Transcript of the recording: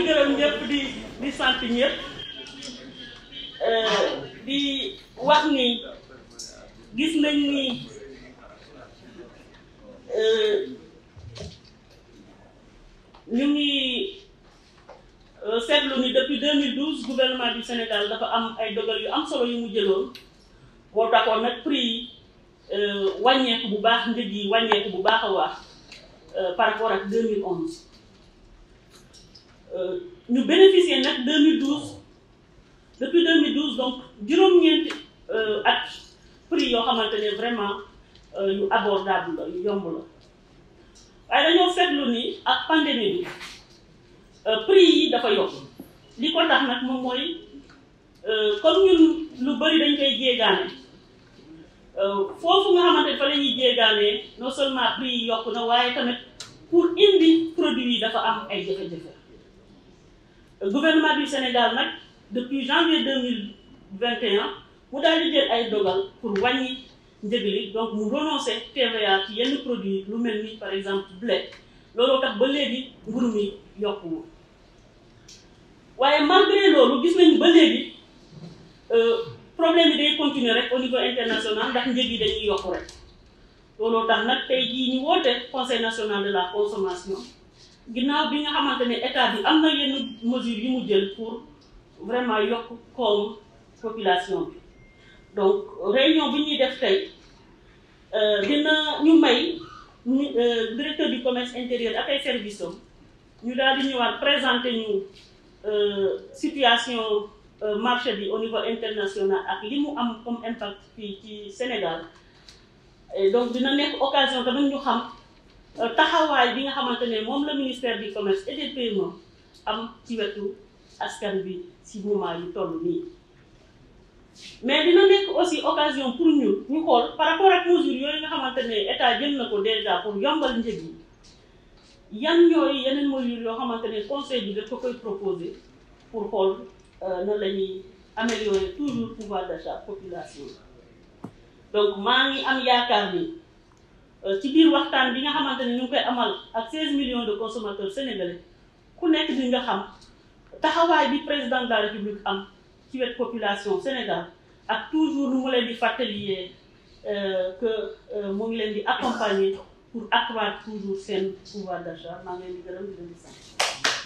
ngi gërëm ñëpp di sant ñëpp euh, di wax ni gis nañ ni euh, ñu ngi euh, seetlu ni depuis 2012 gouvernement du Sénégal dafa am ay dogal yu am solo yu mu jëloon boo taxoon nag prix wàññeeku bu baax njëg yi wàññeeku bu baax a wax par rapport ak 2011. Euh, ñu bénéficier nag 2012 depuis 2012 donc juróom-ñeenti euh, ak pris yoo xamante ne vraiment euh, yu abordable la yu yomb la waaye dañoo seetlu ni ak pandémie bi prix yi dafa yokk li ko tax nag moom mooy comme ñun lu bëri dañ koy jéegaane foofu nga xamante fa la ñuy jéegaane non seulement prix yokk na waaye tamit pour indi produit yi dafa am ay jafe-jafe. gouvernement du Sénégal nag depuis janvier deux mille vingt et mu daal di ay dogal pour wàññi njëg li donc mu renoncé TVA ci yenn produit lu mel ni par exemple blé looloo tax ba léegi mburu mi yokkuwul waaye malgré loolu gis nañ ba léegi euh, problème yi day continuer rek au niveau international ndax njëg yi dañuy yokku rek looloo tax nag tey jii ñu woote conseil national de la consommation. ginnaaw bi nga xamante ne état bi am na yenn mesures yu mu jël pour vraiment yokk koom population bi donc réunion bi ñuy def tey euh, dina ñu may euh, directeur du commerce intérieur ak ay services ñu daal di ñëwaat présenter ñu euh, situation marché bi au niveau international ak li mu am comme impact fii ci Sénégal et donc dina nekk occasion tamit ñu xam. taxawaay bi nga xamante ne moom la ministère du commerce et des paiements am ci wetu askan bi si moment yu toll ni mais dina nekk aussi occasion pour ñun ñu xool par rapport ak mesures yooyu nga xamante ne état jël na ko déjà pour yombal njëg yi yan yooyu yeneen mesures yoo xamante ne conseil bi daf ko koy proposer pour xool euh, na la ñuy améliorer toujours pouvoir d'achat population donc maa ngi am yaakaar ni Euh, ci biir waxtaan bi nga xamante ne ñu ngi koy amal ak 16 millions de consommateurs sénégalais ku nekk di nga xam taxawaay bi président de république am ci wet population Sénégal ak toujours nu mu leen di fàttaliyee euh, que euh, mu ngi leen di accompagner pour accroître toujours seen pouvoir d'achat maa ngi leen di di leen di